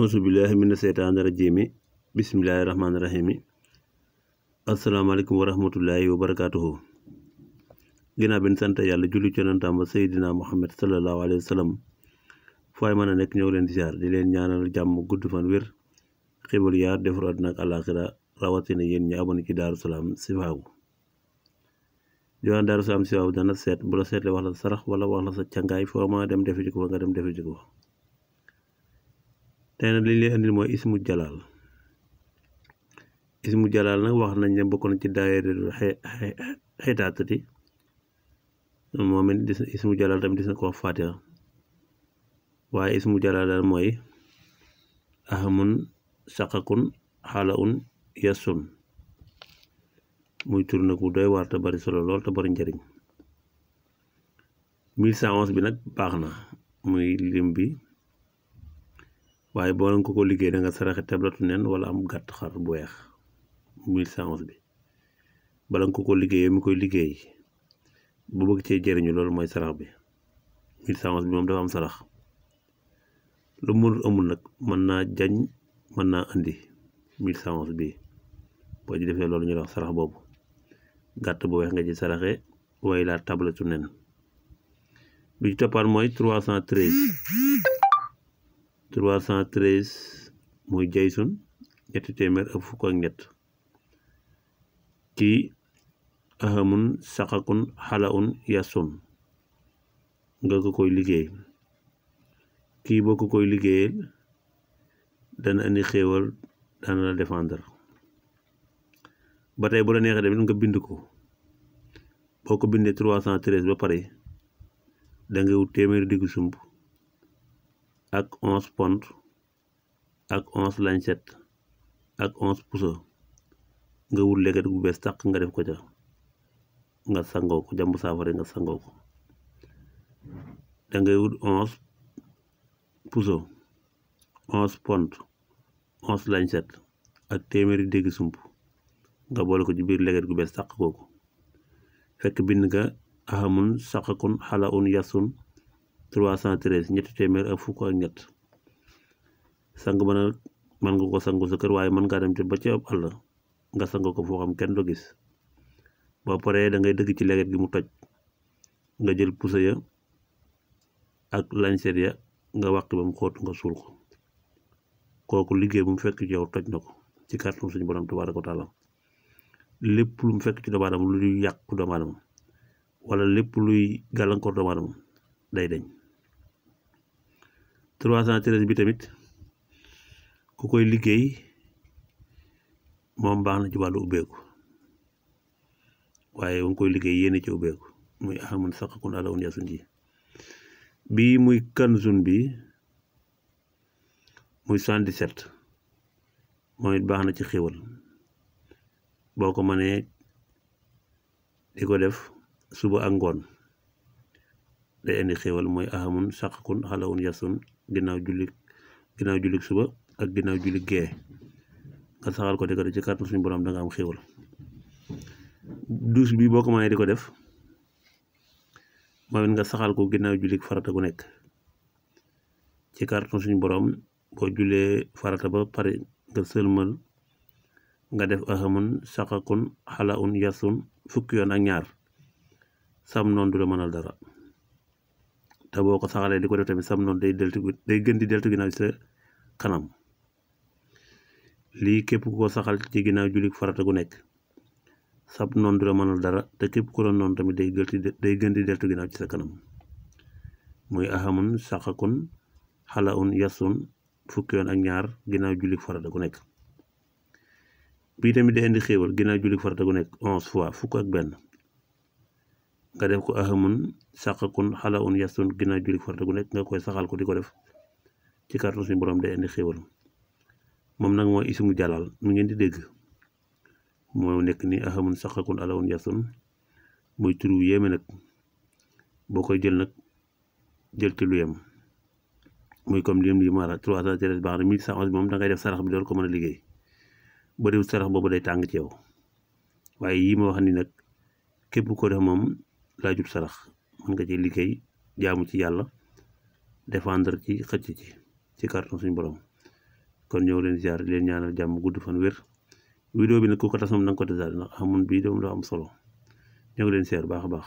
auzu billaahi mina seytaani rajiimi bismillaahi rahmaani rahiimi asalaamaaleykum wa rahmatullaahi wa barakaatuhu ginnaaw bi ñu sant yàlla julli ci yonentam ba Seydina Muhammad salallaahu alayhi wa sallam fooy mën a nekk ñëw leen di ziar di leen ñaanal jàmm gudd fan wér xéwal yaar defaru àddina ak àllaaxira rawatina yéen ñi abonné ci Daaru Salaam Sifaahu diwaan Daaru Salaam Sifaahu dana seet bu la seetlee wax la sarax wala wax la sa càngaay foo ma dem defi ji ko fa nga dem defi tey nag li lay andil mooy ismu jalaal ismu jalaal nag wax nañ ne bokk na ci daayiratul xitaatati moom it dis ismu jalaal tamit dis na ko wax waaye ismu jalaal daal mooy ahamun saqakun xalaun yasun muy tur nag bu doy waar te bari solo lool te bari njëriñ 1111 bi nag baax na muy lim bi waaye boo leen ko ko liggéey da nga saraxe tablatu nen wala am gàtt xar bu weex mille bi bala nga ko ko liggéey mi koy liggéey bu bëgg cee jëriñu loolu mooy sarax bi mille bi moom dafa am sarax lu mënul amul nag mën naa jañ mën naa indi mille cent bi boo ci defee loolu ñu wax sarax boobu gàtt bu weex nga ci saraxe way laa tablatu nen bi ci toppaat mooy trois cent trois cent mooy Jayson ñetti ak fukk ak ñett kii ahamun saqakun xalaun yasun nga ko koy liggéey kii boo ko koy liggéeyal dana indi xewal dana la ba tey bu la neexee tamit nga bind ko boo ko bindee trois cent ba pare da ngay wut téeméeri diggu sumb ak once pont ak onze lancette ak once puso nga wut léegat bu bees tàq nga def ko ca nga sangoo ko jàmbu saafara nga sangoo ko da ngay wut once puso once pont onze lancette ak téeméeri dégg sump nga boole ko ci biir léegat gu bees tàq kooku fekk bind nga ahamun saqakun xalaun yasun 313 ñetti téeméer ak fukk ak ñett sang mën a nga ko sangu sa kër waaye mën ngaa dem ca ba ci ab àll nga sang ko foo xam kenn doo gis boo paree da ngay dëgg ci leget gi mu toj nga jël pusa ya ak lañset ya nga wàqi ba mu xóot nga suul ko kooku liggéey bu mu fekk ci yow toj na ko ci kàttan suñu borom tabaaraka wa taala lépp lu mu fekk ci doomu aadama luy yàqu doomu aadama wala lépp luy gàllankoor doomu aadama day dañ trois 313 bi tamit ku koy liggéey moom baax na ci wàllu ubbeeku waaye bu koy liggéey yéene ci ubbeeku muy ahamun saqakun ala un yasun ji bii muy kanzun bi muy 77 moom it baax na ci xéwal boo ko mënee di ko def suba ak ngoon day indi xéwal mooy ahamun saqakun ala un yasun ginnaaw julli ginnaaw julli suba ak ginnaaw julli gee nga saxal ko di ko def ci kàttan suñu borom danga nga am xéwal douche bi boo ko mënee di ko def moom nga saxal ko ginnaaw julli farata gu nekk ci kàttan suñu boroom boo jullee farata ba pare nga sëlmal nga def ahamun saqakun xalaun yasun fukki yoon ak ñaar sam noonu du la mënal dara te boo ko saxalee di ko def tamit sam noonu day deltu day gën di deltu ginnaaw sa kanam lii képp ko saxal ci ginnaaw jullit farata gu nekk sab noonu du la mënal dara te képp ku doon noonu tamit day gëlti day gën di deltu ginnaaw ci sa kanam muy ahamun saqakun xalaun yasun fukki yoon ak ñaar ginnaaw jullit farata gu nekk bii tamit day indi xéewal ginnaaw jullit farata gu nekk onze fois fukk ak benn nga def ko ahamun sàqakun xala un yasun ginnaaw julli farata gu nekk nga koy saxal ko di ko def ci kàttan suñu borom day indi xéwal moom nag mooy ismu jalaal mu ngeen di dégg moo nekk ni ahamun sàqakun ala un yasun muy tur wu yéeme nag boo koy jël nag jël ci lu yem muy comme lim li maanaam trois cent treize baax na mille cent onze moom dangay def sarax bi doon ko mën a liggéey ba def sarax boobu day tàng ci yow waaye yi ma wax ni nag képp ko def moom laajut sarax mën nga ci liggéey jaamu ci yàlla défendre ci xëcc ci ci carton suñ borom kon ñëw leen ziar leen ñaanal jàmm gudd fan wér vidéo bi nag ku ko tas moom na ko ko desaat ndax amun bii doom loo am solo ñëw leen ziar baax a baax